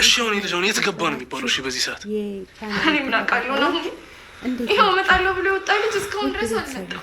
እሺ አሁን ልጅ አሁን የት ገባ ነው የሚባለው? እሺ በዚህ ሰዓት እኔ ምን አውቃለሁ ነው። ይኸው እመጣለሁ ብሎ የወጣ ልጅ እስካሁን ድረስ አልመጣም።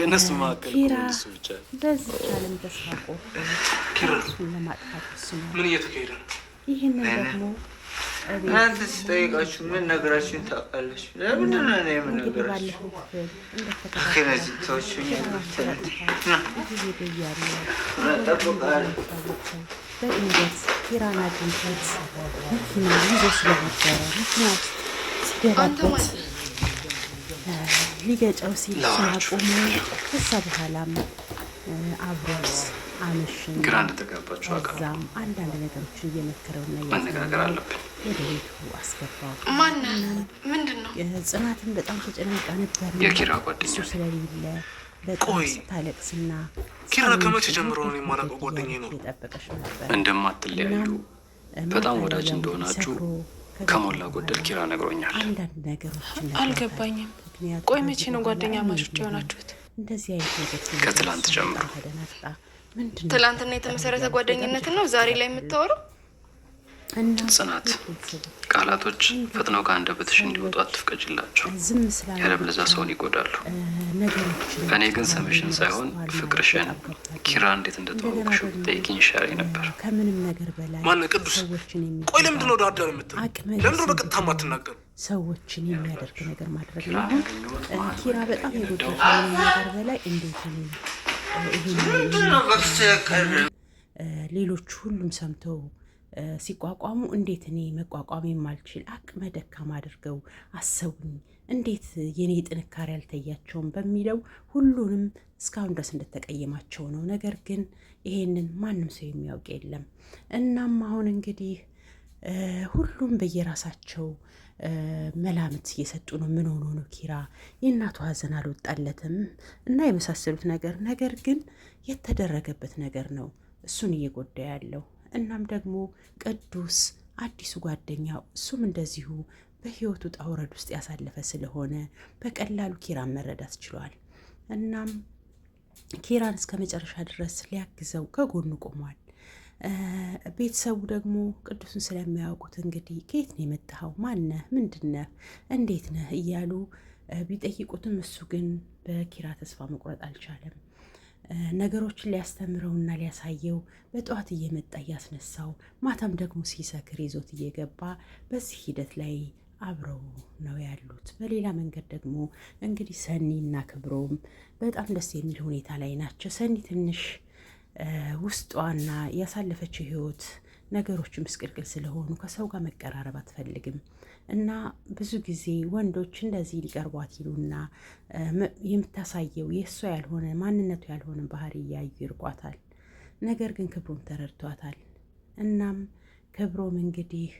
ከእነሱ መካከል እሱ ብቻ ተስፋ ለማጥፋት ምን እየተካሄደ ነው? ይህንን ደግሞ እናንተ ስጠይቃችሁ ምን ነገራችሁን ታውቃለች። በድንገት ኪራን አግኝቶት መኪና ይዞ ስለነበረ ምክንያቱ ሲገባበት ሊገጨው ሲል አቆሙ። ከዛ በኋላም አብሮት አመሽን። እዛም አንዳንድ ነገሮችን እየመከረውና ወደ ቤቱ አስገባው። ጽናትን በጣም ተጨናንቃ ነበር። እሱ ስለሌለ በጣም ስታለቅስና ኪራ ከመቼ ጀምሮ ነው የማላውቀው ጓደኛዬ ነው የጠበቀሽ ነበር እንደማትለያዩ በጣም ወዳጅ እንደሆናችሁ ከሞላ ጎደል ኪራ ነግሮኛል። አልገባኝም። ቆይ መቼ ነው ጓደኛ ማሾች የሆናችሁት? ከትላንት ጀምሮ። ትላንትና የተመሰረተ ጓደኝነትን ነው ዛሬ ላይ የምታወራው? ጽናት ቃላቶች ፈጥነው ከአንደበትሽ እንዲወጡ አትፍቀጅላቸው፣ ያለም ሰውን ይጎዳሉ። እኔ ግን ስምሽን ሳይሆን ፍቅርሽን ኪራ እንዴት እንደተዋወቅሽው ጠይቂኝ ይሻለኝ ነበር። ማነ ቅዱስ? ቆይ ለምንድን ነው ወደ አዳር የምትለው? ለምንድን ነው በቀጥታ የማትናገሩ? ሰዎችን የሚያደርግ ነገር ማድረግ ነው። ኪራ በጣም የጎዳ ነገር በላይ እንዴት ነው ሌሎቹ ሁሉም ሰምተው ሲቋቋሙ እንዴት እኔ መቋቋም የማልችል አቅመ ደካማ አድርገው አሰቡኝ፣ እንዴት የኔ ጥንካሬ አልተያቸውም በሚለው ሁሉንም እስካሁን ድረስ እንደተቀየማቸው ነው። ነገር ግን ይሄንን ማንም ሰው የሚያውቅ የለም። እናም አሁን እንግዲህ ሁሉም በየራሳቸው መላምት እየሰጡ ነው። ምን ሆኖ ነው ኪራ የእናቱ ሐዘን አልወጣለትም እና የመሳሰሉት ነገር ነገር ግን የተደረገበት ነገር ነው እሱን እየጎዳ ያለው እናም ደግሞ ቅዱስ አዲሱ ጓደኛው እሱም እንደዚሁ በህይወቱ ጣውረድ ውስጥ ያሳለፈ ስለሆነ በቀላሉ ኪራን መረዳት ችሏል። እናም ኪራን እስከ መጨረሻ ድረስ ሊያግዘው ከጎኑ ቆሟል። ቤተሰቡ ደግሞ ቅዱስን ስለሚያውቁት እንግዲህ ከየት ነው የመጣኸው? ማነህ? ምንድነህ? እንዴት ነህ? እያሉ ቢጠይቁትም እሱ ግን በኪራ ተስፋ መቁረጥ አልቻለም። ነገሮችን ሊያስተምረውና ሊያሳየው በጠዋት እየመጣ እያስነሳው ማታም ደግሞ ሲሰክር ይዞት እየገባ በዚህ ሂደት ላይ አብረው ነው ያሉት። በሌላ መንገድ ደግሞ እንግዲህ ሰኒና ክብሮም በጣም ደስ የሚል ሁኔታ ላይ ናቸው። ሰኒ ትንሽ ውስጧና ያሳለፈችው ህይወት ነገሮች ምስቅልቅል ስለሆኑ ከሰው ጋር መቀራረብ አትፈልግም እና ብዙ ጊዜ ወንዶች እንደዚህ ሊቀርቧት ይሉና የምታሳየው የእሷ ያልሆነ ማንነቱ ያልሆነ ባህሪ እያዩ ይርቋታል። ነገር ግን ክብሮም ተረድቷታል። እናም ክብሮም እንግዲህ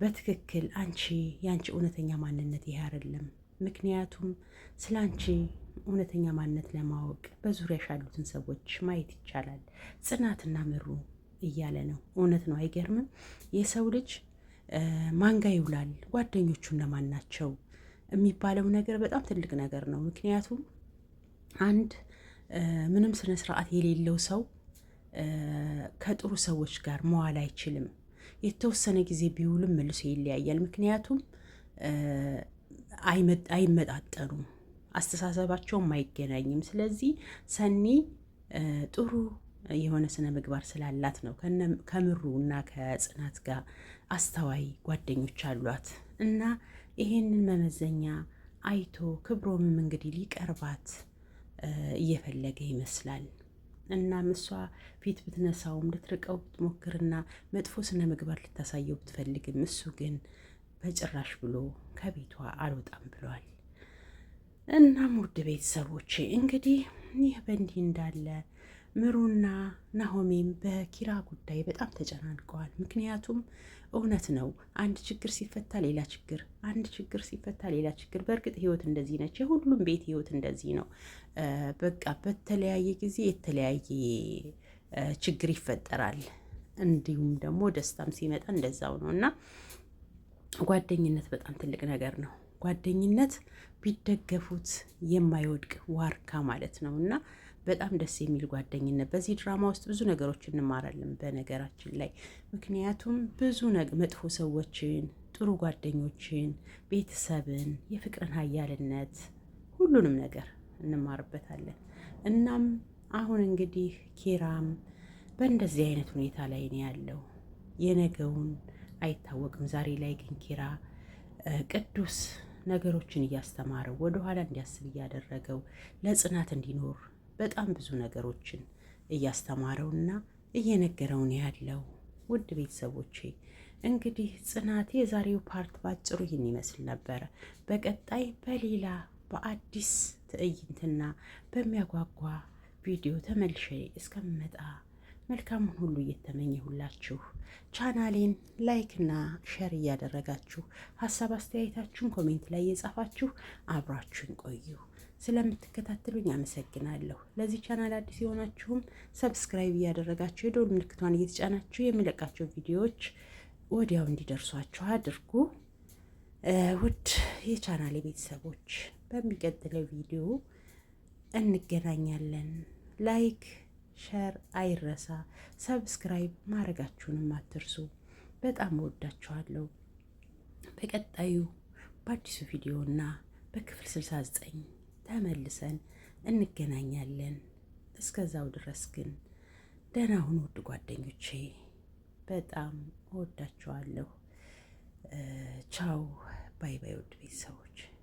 በትክክል አንቺ የአንቺ እውነተኛ ማንነት ይሄ አይደለም። ምክንያቱም ስለ አንቺ እውነተኛ ማንነት ለማወቅ በዙሪያሽ ያሉትን ሰዎች ማየት ይቻላል። ጽናትና ምሩ እያለ ነው። እውነት ነው። አይገርምም? የሰው ልጅ ማንጋ ይውላል። ጓደኞቹ እነማን ናቸው የሚባለው ነገር በጣም ትልቅ ነገር ነው። ምክንያቱም አንድ ምንም ስነ ስርዓት የሌለው ሰው ከጥሩ ሰዎች ጋር መዋል አይችልም። የተወሰነ ጊዜ ቢውልም መልሶ ይለያያል። ምክንያቱም አይመጣጠኑም፣ አስተሳሰባቸውም አይገናኝም። ስለዚህ ሰኒ ጥሩ የሆነ ስነ ምግባር ስላላት ነው። ከምሩ እና ከጽናት ጋር አስተዋይ ጓደኞች አሏት እና ይሄንን መመዘኛ አይቶ ክብሮምም እንግዲህ ሊቀርባት እየፈለገ ይመስላል። እናም እሷ ፊት ብትነሳውም ልትርቀው ብትሞክርና መጥፎ ስነ ምግባር ልታሳየው ብትፈልግም እሱ ግን በጭራሽ ብሎ ከቤቷ አልወጣም ብሏል። እናም ውድ ቤተሰቦቼ እንግዲህ ይህ በእንዲህ እንዳለ ምሩና ናሆሜም በኪራ ጉዳይ በጣም ተጨናንቀዋል። ምክንያቱም እውነት ነው፣ አንድ ችግር ሲፈታ ሌላ ችግር፣ አንድ ችግር ሲፈታ ሌላ ችግር። በእርግጥ ህይወት እንደዚህ ነች። የሁሉም ቤት ህይወት እንደዚህ ነው። በቃ በተለያየ ጊዜ የተለያየ ችግር ይፈጠራል። እንዲሁም ደግሞ ደስታም ሲመጣ እንደዛው ነው እና ጓደኝነት በጣም ትልቅ ነገር ነው። ጓደኝነት ቢደገፉት የማይወድቅ ዋርካ ማለት ነው እና በጣም ደስ የሚል ጓደኝነት። በዚህ ድራማ ውስጥ ብዙ ነገሮች እንማራለን በነገራችን ላይ ምክንያቱም ብዙ መጥፎ ሰዎችን፣ ጥሩ ጓደኞችን፣ ቤተሰብን፣ የፍቅርን ኃያልነት ሁሉንም ነገር እንማርበታለን። እናም አሁን እንግዲህ ኪራም በእንደዚህ አይነት ሁኔታ ላይ ነው ያለው። የነገውን አይታወቅም። ዛሬ ላይ ግን ኪራ ቅዱስ ነገሮችን እያስተማረው ወደኋላ እንዲያስብ እያደረገው ለጽናት እንዲኖር በጣም ብዙ ነገሮችን እያስተማረውና እየነገረውን ያለው ውድ ቤተሰቦቼ እንግዲህ ጽናት የዛሬው ፓርት ባጭሩ ይህን ይመስል ነበረ። በቀጣይ በሌላ በአዲስ ትዕይንትና በሚያጓጓ ቪዲዮ ተመልሼ እስከምመጣ መልካሙን ሁሉ እየተመኘሁላችሁ ቻናሌን ላይክና ሸር እያደረጋችሁ ሀሳብ አስተያየታችሁን ኮሜንት ላይ እየጻፋችሁ አብራችሁን ቆዩ። ስለምትከታተሉኝ አመሰግናለሁ። ለዚህ ቻናል አዲስ የሆናችሁም ሰብስክራይብ እያደረጋችሁ የደወል ምልክቷን እየተጫናችሁ የሚለቃቸው ቪዲዮዎች ወዲያው እንዲደርሷችሁ አድርጉ። ውድ የቻናል ቤተሰቦች በሚቀጥለው ቪዲዮ እንገናኛለን። ላይክ ሸር አይረሳ፣ ሰብስክራይብ ማድረጋችሁንም አትርሱ። በጣም ወዳችኋለሁ። በቀጣዩ በአዲሱ ቪዲዮ እና በክፍል 69 ተመልሰን እንገናኛለን። እስከዛው ድረስ ግን ደህና ሁኑ ውድ ጓደኞቼ፣ በጣም እወዳችኋለሁ። ቻው ባይ ባይ፣ ውድ ቤተሰቦች።